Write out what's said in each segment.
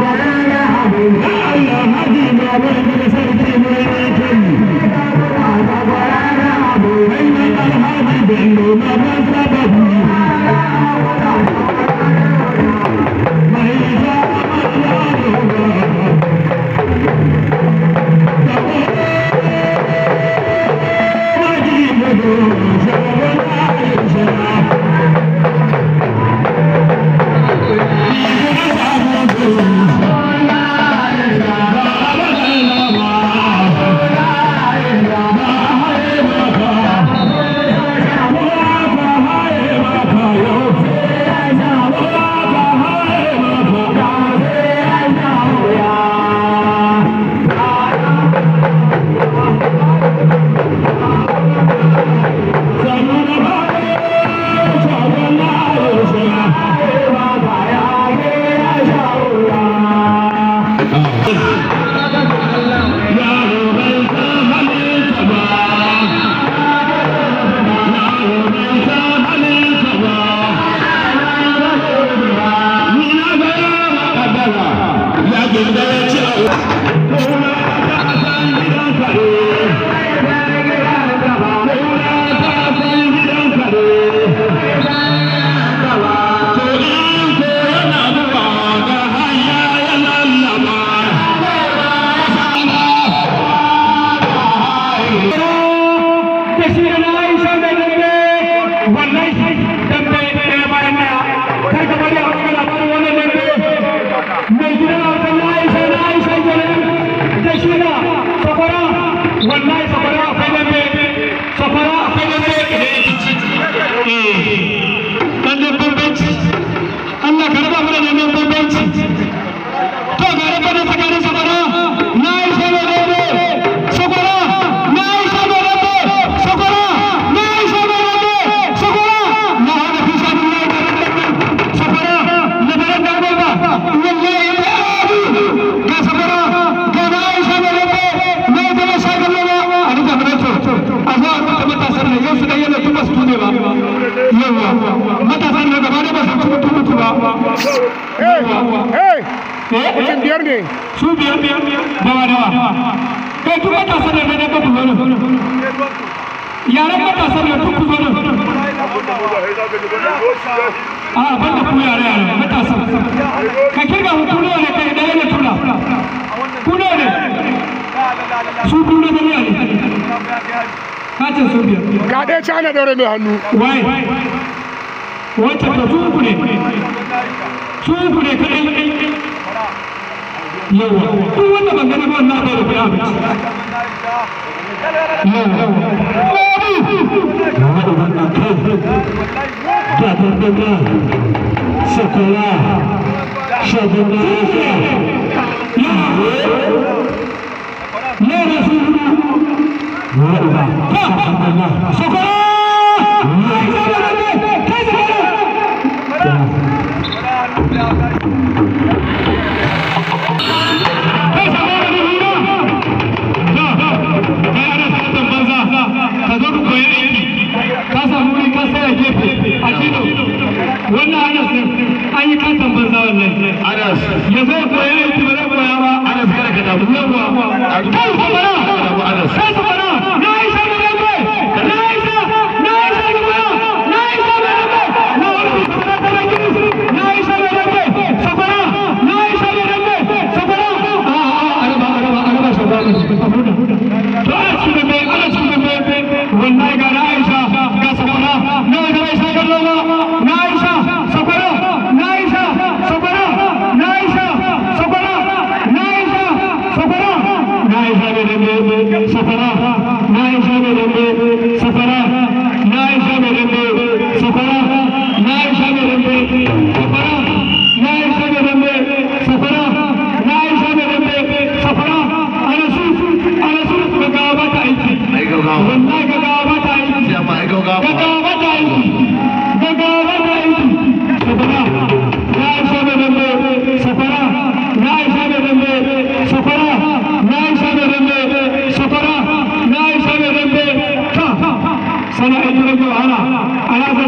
الله هدي ما بين رسالة الإمام الكريم a ah, banda ku yare yare matasan ka kirga ku ne ne kai dai ne tuna ku ne ne su ku ne ne ka ce su biya ga dai cana daure mai hannu wai wacce ta su ku ne su ku ne kai yawa duk wanda ban Chocolate. Chocolate. Chocolate. Chocolate. Chocolate. Chocolate. Chocolate. Chocolate. Chocolate. Chocolate. Chocolate. Chocolate. सॼा अजा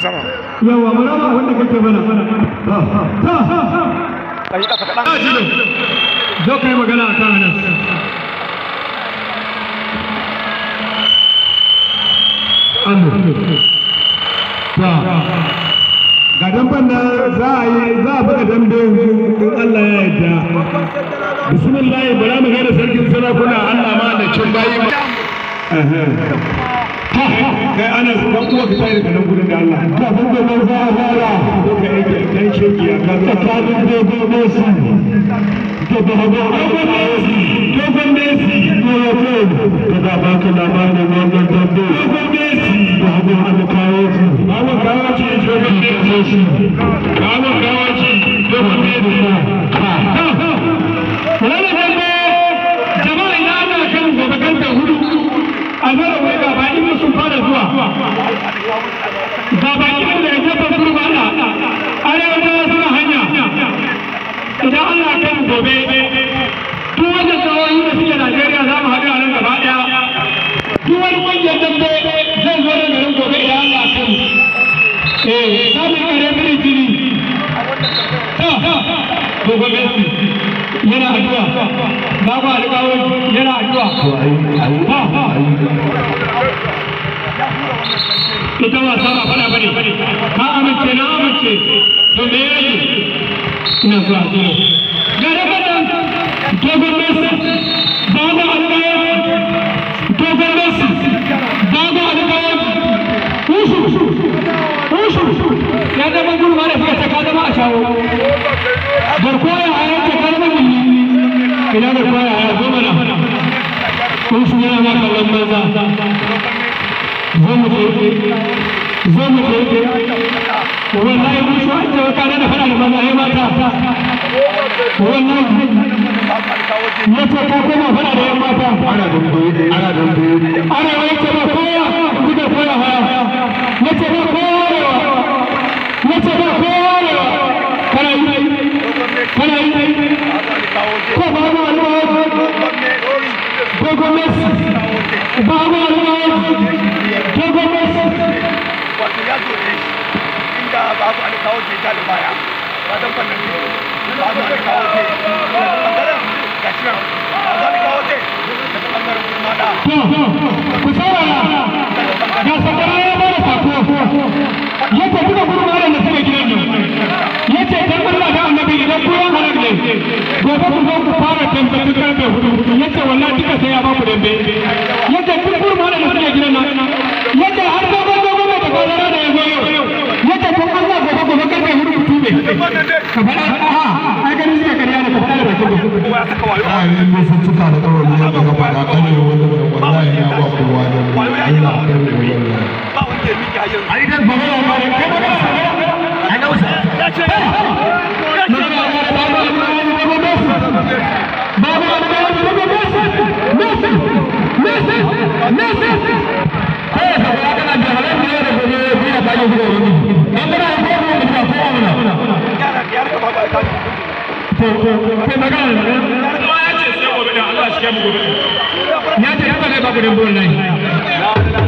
sama yawa wanda kake mana kai kafa kadan zo kai magana a kan nan ta ga za a yi za a buga dambe in Allah ya yarda bismillah mu ga da sarkin sarakuna Allah ma da cin bayi kai ana dan uwa ka tsaye daga nan da Allah da ban da ban fara ko ka aiki kai sheki a ta ta da da da su da ba ba to ban da su to ya ko ka da ba ka labarin wannan dabbo to ban da su da ba an kawo su an kawo ci to ban da su an kawo ci to ban da su ha ha ha wala dabbo jama'a ina ana kan gobe kan ta hudu a mara sun fara zuwa ga baki da ya ita wasa fada bane ka amince na amince to me yake ina so a tsoro ga da dogon mesa babu alƙaya dogon mesa babu alƙaya ushu ushu ya zama gurma da fiye ta ka zama a shawo garkuwa ya yanke kalmar ina garkuwa ya ushu yana banza zamu je zamu je wallahi mun so an tawo kana da fara da mazaye mata wallahi ya ce ka koma fara da yan mata ana dambe ana dambe ana wai ce ba kowa kuka koya haya ya ce ba kowa kawo ke ja da baya ba dan fannin ne ba za ni kawo ke daga bangaren ga shi nan ba za ni kawo ke daga bangaren kuma da ku saurara ga sakarai ya bada sako yadda kuka gurma da miki har yanzu ai dan ba ya Ya ya ne